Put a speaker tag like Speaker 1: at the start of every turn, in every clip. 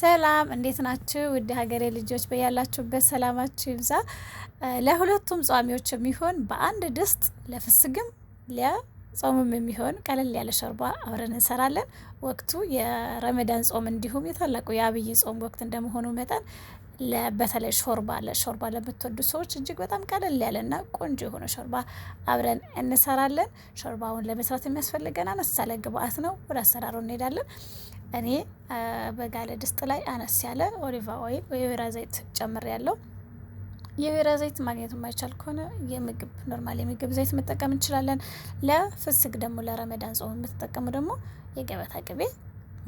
Speaker 1: ሰላም እንዴት ናችሁ? ውድ ሀገሬ ልጆች በያላችሁበት ሰላማችሁ ይብዛ። ለሁለቱም ጿሚዎች የሚሆን በአንድ ድስት ለፍስግም ለጾምም የሚሆን ቀለል ያለ ሾርባ አብረን እንሰራለን። ወቅቱ የረመዳን ጾም እንዲሁም የታላቁ የአብይ ጾም ወቅት እንደመሆኑ መጠን በተለይ ሾርባ ለሾርባ ለምትወዱ ሰዎች እጅግ በጣም ቀለል ያለና ቆንጆ የሆነ ሾርባ አብረን እንሰራለን። ሾርባውን ለመስራት የሚያስፈልገን አነስ ያለ ግብአት ነው። ወደ አሰራሩ እንሄዳለን። እኔ በጋለ ድስት ላይ አነስ ያለ ኦሊቫ ኦይል የወይራ ዘይት ጨምር ያለው የወይራ ዘይት ማግኘት የማይቻል ከሆነ የምግብ ኖርማል የምግብ ዘይት መጠቀም እንችላለን። ለፍስግ ደግሞ ለረመዳን ጾም የምትጠቀሙ ደግሞ የገበታ ቅቤ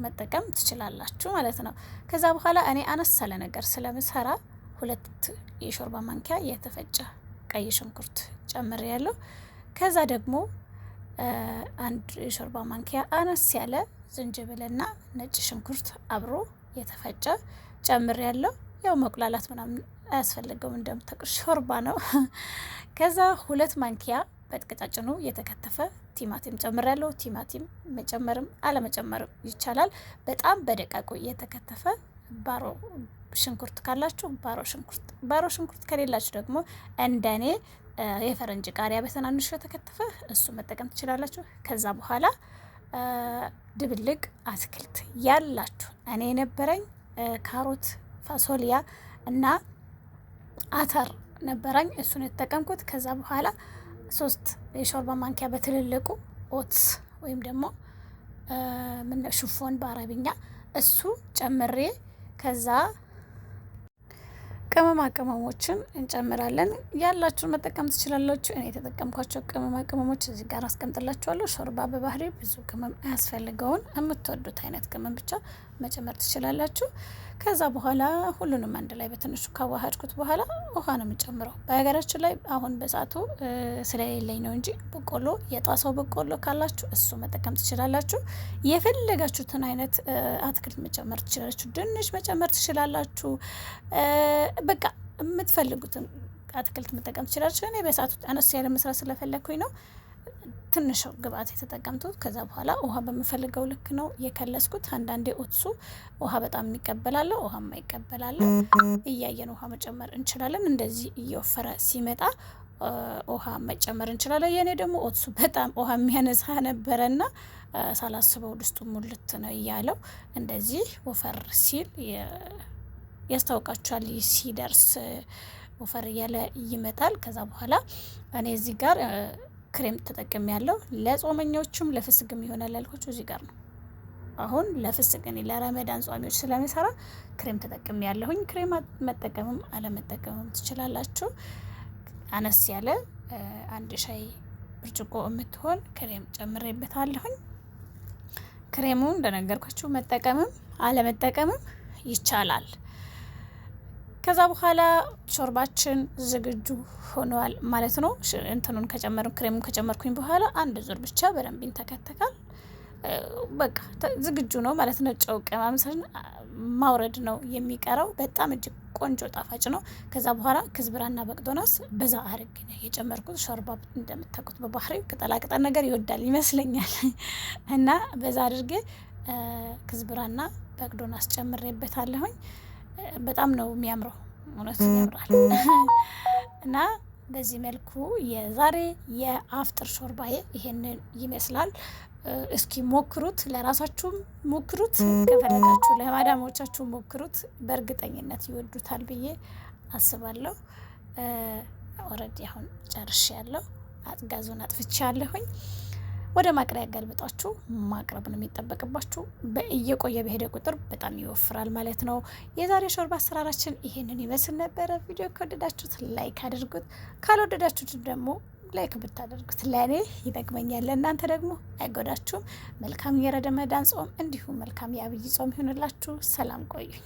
Speaker 1: መጠቀም ትችላላችሁ ማለት ነው። ከዛ በኋላ እኔ አነስ ያለ ነገር ስለምሰራ ሁለት የሾርባ ማንኪያ የተፈጨ ቀይ ሽንኩርት ጨምሬ ያለው። ከዛ ደግሞ አንድ የሾርባ ማንኪያ አነስ ያለ ዝንጅብልና ነጭ ሽንኩርት አብሮ የተፈጨ ጨምሬ ያለው። ያው መቁላላት ምናምን አያስፈልገውም እንደምታውቁ ሾርባ ነው። ከዛ ሁለት ማንኪያ በጥቅጫጭኑ የተከተፈ ቲማቲም ጨምር ያለው ቲማቲም መጨመርም አለመጨመርም ይቻላል። በጣም በደቃቁ የተከተፈ ባሮ ሽንኩርት ካላችሁ ባሮ ሽንኩርት፣ ባሮ ሽንኩርት ከሌላችሁ ደግሞ እንደኔ የፈረንጅ ቃሪያ በትናንሹ የተከተፈ እሱ መጠቀም ትችላላችሁ። ከዛ በኋላ ድብልቅ አትክልት ያላችሁ እኔ የነበረኝ ካሮት፣ ፋሶሊያ እና አተር ነበረኝ። እሱን የተጠቀምኩት ከዛ በኋላ ሶስት የሾርባ ማንኪያ በትልልቁ ኦትስ ወይም ደግሞ ምነ ሹፎን በአረብኛ እሱ ጨምሬ ከዛ ቅመማ ቅመሞችን እንጨምራለን። ያላችሁን መጠቀም ትችላላችሁ። እኔ የተጠቀምኳቸው ቅመማ ቅመሞች እዚህ ጋር አስቀምጥላችኋለሁ። ሾርባ በባህሪ ብዙ ቅመም አያስፈልገውን የምትወዱት አይነት ቅመም ብቻ መጨመር ትችላላችሁ። ከዛ በኋላ ሁሉንም አንድ ላይ በትንሹ ካዋሃድኩት በኋላ ውሃ ነው የምጨምረው። በሀገራችን ላይ አሁን በሰዓቱ ስለሌለኝ ነው እንጂ በቆሎ የጣሳው በቆሎ ካላችሁ እሱ መጠቀም ትችላላችሁ። የፈለጋችሁትን አይነት አትክልት መጨመር ትችላላችሁ። ድንች መጨመር ትችላላችሁ። በቃ የምትፈልጉትን አትክልት መጠቀም ትችላላችሁ። እኔ በሰዓቱ አነስ ያለ መስራት ስለፈለግኩኝ ነው። ትንሽ ግብአት የተጠቀምኩት። ከዛ በኋላ ውሃ በምፈልገው ልክ ነው የከለስኩት። አንዳንዴ ኦትሱ ውሃ በጣም የሚቀበላለሁ፣ ውሃ የማይቀበላለሁ። እያየን ውሃ መጨመር እንችላለን። እንደዚህ እየወፈረ ሲመጣ ውሃ መጨመር እንችላለን። የእኔ ደግሞ ኦትሱ በጣም ውሃ የሚያነሳ ነበረና ሳላስበው ድስቱ ሙልት ነው እያለው እንደዚህ ወፈር ሲል ያስታውቃችኋል። ሲደርስ ወፈር እያለ ይመጣል። ከዛ በኋላ እኔ እዚህ ጋር ክሬም ተጠቅም ያለው ለጾመኞቹም ለፍስግም ይሆናል ያልኩት እዚህ ጋር ነው። አሁን ለፍስግ ለረመዳን ጾሚዎች ስለሚሰራ ክሬም ተጠቅም ያለሁኝ። ክሬም መጠቀምም አለመጠቀምም ትችላላችሁ። አነስ ያለ አንድ ሻይ ብርጭቆ የምትሆን ክሬም ጨምሬበታለሁኝ። ክሬሙ እንደነገርኳችሁ መጠቀምም አለመጠቀምም ይቻላል። ከዛ በኋላ ሾርባችን ዝግጁ ሆኗል ማለት ነው። እንትኑን ከጨመር ክሬሙን ከጨመርኩኝ በኋላ አንድ ዙር ብቻ በደንብ ይንተከተካል። በቃ ዝግጁ ነው ማለት ነው። ጨው ቀማምሰን ማውረድ ነው የሚቀረው። በጣም እጅግ ቆንጆ ጣፋጭ ነው። ከዛ በኋላ ክዝብራና በቅዶናስ በዛ አርግ የጨመርኩት ሾርባ እንደምታውቁት በባህሪ ቅጠላቅጠል ነገር ይወዳል ይመስለኛል እና በዛ አድርጌ ክዝብራና በቅዶናስ ጨምሬበታለሁኝ። በጣም ነው የሚያምረው። እውነቱ ያምራል እና በዚህ መልኩ የዛሬ የአፍጥር ሾርባዬ ይሄንን ይመስላል። እስኪ ሞክሩት፣ ለራሳችሁም ሞክሩት፣ ከፈለጋችሁ ለማዳሞቻችሁ ሞክሩት። በእርግጠኝነት ይወዱታል ብዬ አስባለሁ። ኦልሬዲ አሁን ጨርሼ ያለው አጥጋዙን አጥፍቼ ያለሁኝ ወደ ማቅለያ ገልብጣችሁ ማቅረብ ነው የሚጠበቅባችሁ። በእየቆየ በሄደ ቁጥር በጣም ይወፍራል ማለት ነው። የዛሬ ሾርባ አሰራራችን ይህንን ይመስል ነበረ። ቪዲዮ ከወደዳችሁት ላይክ አድርጉት፣ ካልወደዳችሁት ደግሞ ላይክ ብታደርጉት ለእኔ ይጠቅመኛል፣ ለእናንተ ደግሞ አይጎዳችሁም። መልካም የረመዳን ጾም እንዲሁም መልካም የአብይ ጾም ይሆንላችሁ። ሰላም ቆዩኝ።